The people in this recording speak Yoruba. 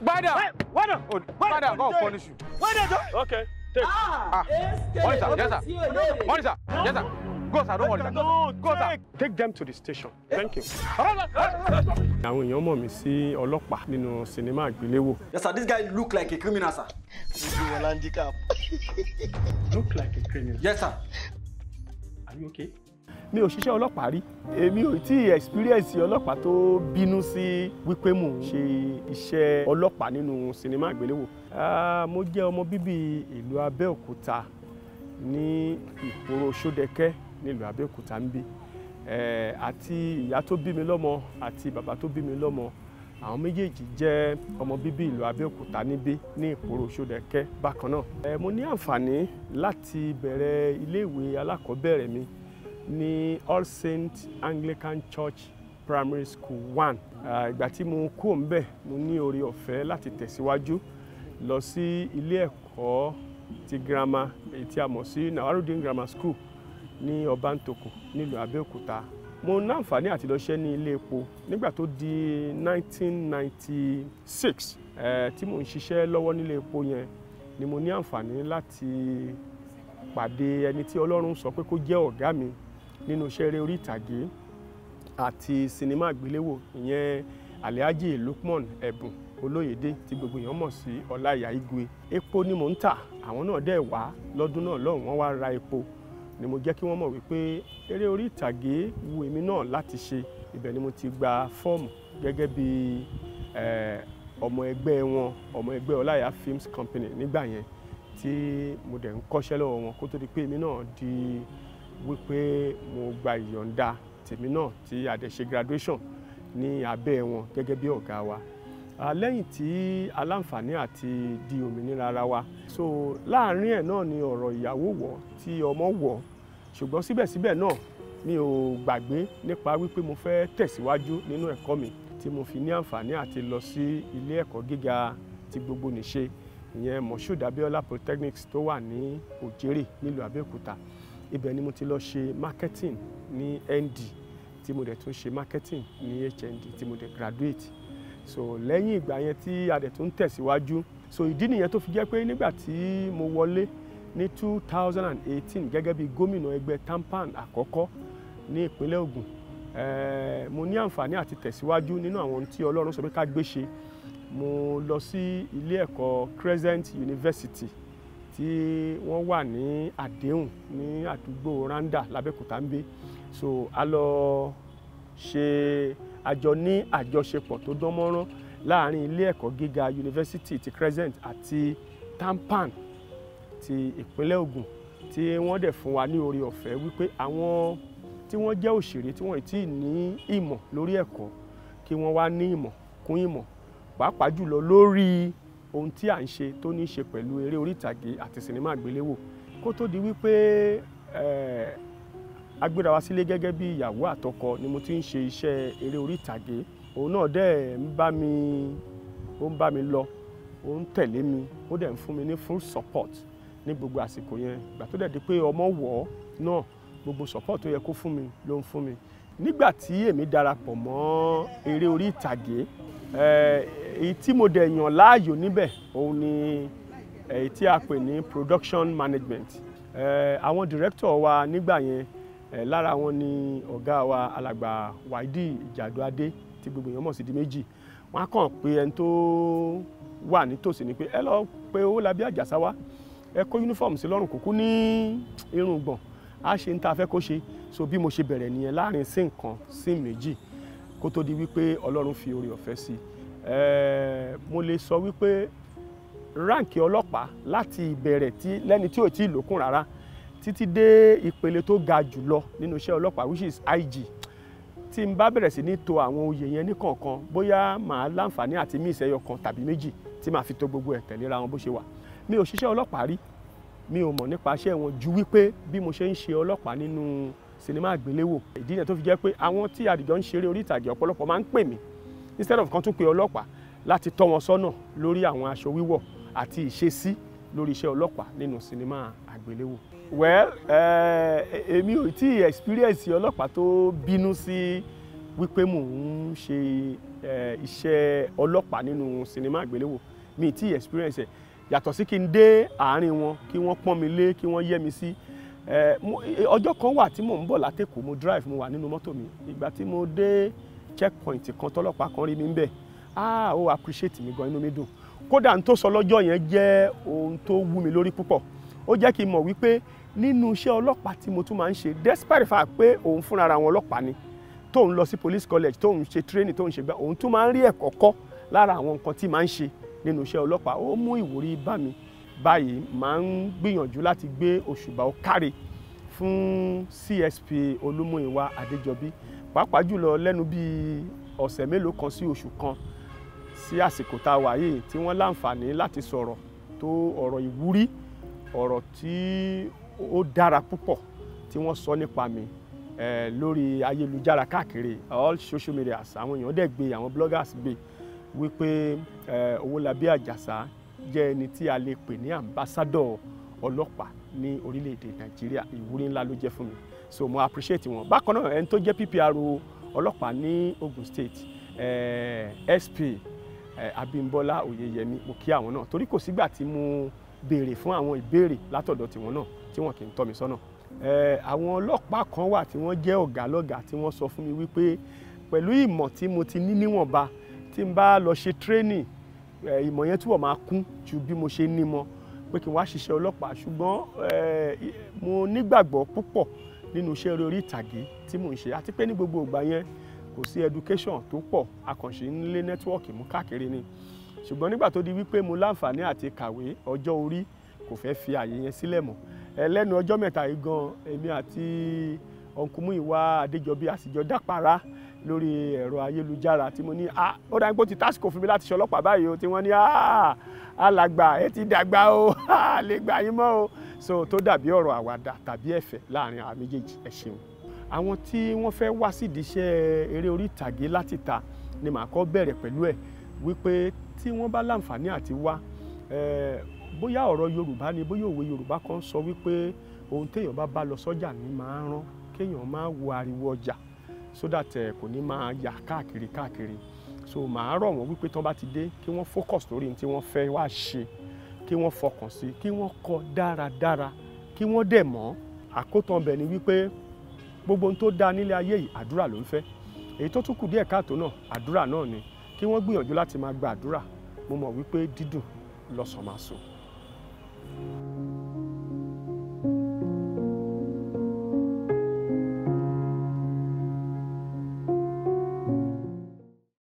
Gbada! Oh, Gbada! Oh, Gbada, God will punish you. Gbada, don't! Okay, take. Ah! ah. Monitor, yes sir. Monitor, yes sir. Go sir, don't worry go sir. Take them to the station. Thank you. Àwọn èèyàn mọ̀ mí sí ọlọ́pàá nínú sinimá àgbéléwò. Yes sir, this guy look like a criminal sir. Look like a criminal. Yes sir. Are you okay? mi ò ṣiṣẹ́ ọlọ́pàá rí èmi ò tí ì experience ọlọ́pàá tó bínú sí wípé mò ń ṣe iṣẹ́ ọlọ́pàá nínú sinimá àgbéléwò ah, mo jẹ́ ọmọ bíbí ìlú Abẹ́òkúta ní ìpòrò Ṣódẹkẹ́ nílùú Abẹ́òkúta ń bí eh, àti ìyá tó bí mi lọ́mọ àti bàbá tó bí mi lọ́mọ àwọn méjèèjì jẹ́ ọmọ bíbí ìlú Abẹ́òkúta níbí ní ìpòrò Ṣódẹkẹ́ bákan náà eh, mo ní àǹfààní láti bẹ̀rẹ̀ iléèwé alákọ̀ọ́bẹ̀rẹ̀ mi ní All Saint Anglican Church Primary School one ìgbà tí mo kú òǹbẹ̀ mo ní oore ọ̀fẹ́ láti tẹ̀síwájú lọ sí ilé ẹ̀kọ́ ti girama èyí tí a mọ̀ sí Nawarudin Grammar School ní Ọbántòkò nílùú Abẹ́òkúta mo náǹfààní àti lọ ṣẹ́ ní ilé epo nígbà tó di 1996 eh, tí mò ń ṣiṣẹ́ lọ́wọ́ nílé epo yẹn ni mo ní àǹfààní láti pàdé ẹni tí Ọlọ́run sọ pé kó jẹ́ ọ̀gá mi nínú iṣẹ́ eré orí ìtàgé àti sinimá àgbéléwò ìyẹn Alhaji Lukman Ẹ̀bùn Olóyèdé tí gbogbo èèyàn mọ̀ sí Ọláìyá Igwe epo ni mò ń tà àwọn náà dẹ̀ wá lọ́dún náà lọ́hùn wọ́n wá ra epo ni mo jẹ́ kí wọ́n mọ̀ wípé eré orí ìtàgé wu èmi náà láti ṣe ibẹ̀ ni mo ti gba fọ́ọ̀mù gẹ́gẹ́ bí ọmọ ẹgbẹ́ wọn ọmọ ẹgbẹ́ Ọláìyá Films Company nígbà yẹn tí mo dẹ̀ ń kọ́ṣẹ́ lọ́wọ́ wọn kó tó di pé èmi náà di wípé mo gba ìyọ̀ǹda tèmi náà tí a ṣe graduation ní abẹ́ wọn gẹ́gẹ́ bí ọ̀gá wa lẹ́yìn tí aláǹfààní àti di òmìnira ara wa so láàárín ẹ̀ náà ni ọ̀rọ̀ ìyàwó wọ̀ tí ọmọ wọ̀ ṣùgbọ́n síbẹ̀síbẹ̀ náà mi ò gbàgbé nípa wípé mo fẹ́ tẹ̀síwájú nínú ẹ̀kọ́ mi tí mo fi ní àǹfààní àti lọ sí ilé ẹ̀kọ́ gíga ti gbogbo nìṣe ìyẹn Moshood Polytechnics tó wà ní Òjèrè nílùú Abẹ́òkúta ibẹ̀ ni mo ti lọ ṣe marketing ní ND tí mo dẹ̀ tún ṣe marketing ní HND tí mo dẹ̀ graduate so lẹ́yìn ìgbà yẹn tí a dẹ̀ tún tẹ̀síwájú so ìdí nìyẹn tó fi jẹ́ pé nígbà tí mo wọlé ní 2018 gẹ́gẹ́ bí gómìnà ẹgbẹ́ tampan àkọ́kọ́ ní ìpínlẹ̀ Ògùn eh, mo ní àǹfààní àti tẹ̀síwájú nínú àwọn tí Ọlọ́run sọ pé ká gbé ṣe mo lọ sí ilé ẹ̀kọ́ Crescent University tí wọ́n wà ní àdéhùn ní àdúgbò randa làbẹ́kúta ń gbé so a lọ ṣe àjọ ní àjọṣepọ̀ tó dán mọ́rán láàrin ilé ẹ̀kọ́ gíga yunifásitì ti Crescent àti Tampan ti ìpínlẹ̀ Ògùn tí wọ́n dẹ̀ fún wa ní oore ọ̀fẹ́ wípé àwọn tí wọ́n jẹ́ òṣèré tí wọ́n ti ní ìmọ̀ lórí ẹ̀kọ́ kí wọ́n wá ní ìmọ̀ kún ìmọ̀ pàápàá jùlọ lórí ohun tí à ń ṣe tó ní í ṣe pẹ̀lú eré orí ìtàgé àti sinimá àgbéléwò kó tó di wípé eh, agbéra wa sílé gẹ́gẹ́ bí ìyàwó àtọkọ ni mo ti ń ṣe iṣẹ́ eré orí òun náà dẹ̀ ń bá mi ó mi lọ ó ń tẹ̀lé mi ó dẹ̀ ń fún mi ní full support ní gbogbo àsìkò yẹn ìgbà tó dẹ̀ di pé ọmọ wọ̀ ọ́ náà gbogbo support tó yẹ kó fún mi ló ń fún mi nígbà tí èmi darapọ̀ mọ́ eré orí ìtàgé eh, èyí tí mo dẹ̀ yàn láàyò níbẹ̀ òun ni eh, èyí tí a pè ní production management eh, àwọn director wa nígbà yẹn eh, lára wọn ni ọ̀gá wa alàgbà wáìdì ìjàdùadé tí gbogbo èèyàn mọ̀ sí di méjì wọn á kàn pé ẹni tó wà nítòsí ni pé ẹ lọ pé Owólabí Àjàsá wá ẹ kó uniform sí lọ́rùn kúkú ní irun gbọ̀n á ṣe ń ta fẹ́ kó ṣe so bí mo ṣe bẹ̀rẹ̀ nìyẹn láàrin sí nǹkan sí méjì kó tó di wípé Ọlọ́run fi oore ọ̀fẹ́ sí i mo lè sọ wípé ráǹkì ọlọ́pàá láti ìbẹ̀rẹ̀ tí lẹ́ni tí ò tí ì lókun rárá títí dé ìpele tó ga jù lọ nínú iṣẹ́ ọlọ́pàá which is IG tí n bá bẹ̀rẹ̀ sí ní to àwọn oyè yẹn ní kọ̀ọ̀kan bóyá màá láǹfààní àti mí ìṣẹ́yọ kan tàbí méjì tí màá fi to gbogbo ẹ̀ tẹ̀léra wọn bó ṣe wà mi ò ṣiṣẹ́ ọlọ́pàá rí mi ò mọ̀ nípa iṣẹ́ wọn ju wípé bí mo ṣe ń ṣe ọlọ́pàá nínú sinimá àgbéléwò ìdí yẹn tó fi jẹ́ pé àwọn tí àdìjọ ń ṣeré orí ìtàgé ọ̀pọ̀lọpọ̀ máa ń pè mí instead of kan tún pe ọlọ́pàá láti tọ́ wọn sọ́nà lórí àwọn aṣọ wíwọ̀ àti ìṣesí lórí iṣẹ́ ọlọ́pàá nínú sinimá àgbéléwò. well eh, èmi ò tí ì experience ọlọ́pàá tó bínú sí wípé mò ń ṣe eh, iṣẹ́ ọlọ́pàá nínú sinimá àgbéléwò mi tí ì experience ẹ̀ yàtọ̀ sí kí n dé àárín wọn kí wọ́n pọ́n mi lé kí wọ́n yẹ́ mi sí eh, ọjọ́ kan wà tí mò ń bọ̀ látẹ̀kọ́ mo drive mo wà nínú mọ́tò mi ìgbà tí mo dé. De checkpoint kan tọ́lọ́pàá kan rí mi ń bẹ̀ ah oh, appreciate mi gan inú mi dùn kódà n tó sọ lọ́jọ́ yẹn jẹ́ ohun tó wú mi lórí púpọ̀ ó jẹ́ kí n mọ̀ wípé nínú iṣẹ́ ọlọ́pàá tí mo tún máa ń ṣe despite the pé òun fúnra ara àwọn ọlọ́pàá ni tóun lọ sí police college tóun ṣe training tóun ṣe gbá òun tún máa ń rí ẹ̀kọ́ kọ́ lára àwọn nǹkan tí máa ń ṣe nínú iṣẹ́ ọlọ́pàá ó mú ìwúrí bá mi báyìí máa ń gbìyànjú láti gbé òṣùbà ó káre fún CSP Olúmúyìwá Adéjọbí pàápàá jùlọ lẹ́nu bíi ọ̀sẹ̀ mélòó kan sí oṣù kan sí àsìkò tá a wà yìí tí wọ́n láǹfààní láti sọ̀rọ̀ tó ọ̀rọ̀ ìwúrí ọ̀rọ̀ tí ó dára púpọ̀ tí wọ́n sọ nípa mi lórí ayélujára káàkiri all social media àwọn èèyàn dẹ̀ gbé àwọn bloggers gbé wípé Owólabí Àjàsá jẹ́ ẹni tí a lè pè ní ambassador ọlọ́pàá ní orílẹ̀-èdè Nàìjíríà ìwúrí ńlá ló jẹ́ fún mi so mo appreciate wọn bákan náà ẹni tó jẹ́ ppro ọlọ́pàá ní Ogun State eh, SP eh, Abímbọ́lá Oyèyẹmí mo kí àwọn náà torí kò sígbà tí mo béèrè fún àwọn ìbéèrè látọ̀dọ̀ tiwọn náà tí wọn kì í tọ́ mi sọ́nà eh, àwọn ọlọ́pàá kan wà tí wọ́n jẹ́ ọ̀gá lọ́gàá tí wọ́n sọ fún mi wípé pẹ̀lú ìmọ̀ tí mo ti ní níwọ̀nba tí n bá lọ ṣe training eh, ìmọ̀ yẹn túbọ̀ máa kún ju bí mo ṣe ní mọ̀ pé kí n wá ṣiṣẹ́ ọlọ́pàá ṣùgbọ́n eh, mo nígbàgbọ́ púpọ̀ nínú iṣẹ́ orí ìtàgé tí mò ń ṣe àti pé ní gbogbo ìgbà yẹn kò sí education tó pọ̀ akànṣe ń lé nẹ́tíwọ́ọ̀kì mú káàkiri ni ṣùgbọ́n nígbà tó di wípé mo láǹfààní àti kàwé ọjọ́ orí kò fẹ́ fi àyè yẹn sílẹ̀ mọ́ ẹlẹ́nu ọjọ́ mẹ́ta yìí gan èmi àti ọ̀nkúmú ìwà Adéjọbí àsìjọ dápara lórí ẹ̀rọ ayélujára tí mo ní ó dá ní pé ó ti tásìkò fún mi láti ṣe ọlọ́pàá báyìí o tí wọ́n ní alàgbà ẹ ti dàgbà o lè gbà yín mọ́ o so tó dàbí ọ̀rọ̀ àwàdà tàbí ẹ̀fẹ̀ láàrin àwọn méjèèjì ẹ ṣeun. àwọn tí wọ́n fẹ́ wá sídìí iṣẹ́ eré orí ìtàgé láti ta ni màá kọ́ bẹ̀rẹ̀ pẹ̀lú ẹ̀ wípé tí wọ́n bá láǹfààní àti wá bóyá ọ̀rọ̀ yorùbá ni bóyá òwe yorùbá kan sọ wípé ohun téèyàn bá bá lọ sọ́jà ni máa ń rán kéèyàn máa wo ariwo ọjà so that eh, kò ní máa yà káàkiri káàkiri so màá rọ̀ wọ́n wípé tán bá ti dé kí wọ́n focus lórí tí wọ́n fẹ́ wá ṣe kí wọ́n fọkàn sí kí wọ́n kọ́ dáradára kí wọ́n dẹ̀ mọ̀ àkótán bẹ̀ ni wípé gbogbo ohun tó dáa nílé ayé yìí àdúrà ló ń fẹ́ èyí tó tún kù díẹ̀ káàtó náà àdúrà náà ni kí wọ́n gbìyànjú láti máa gba àdúrà mo mọ̀ wípé dídùn lọ́sàn thank you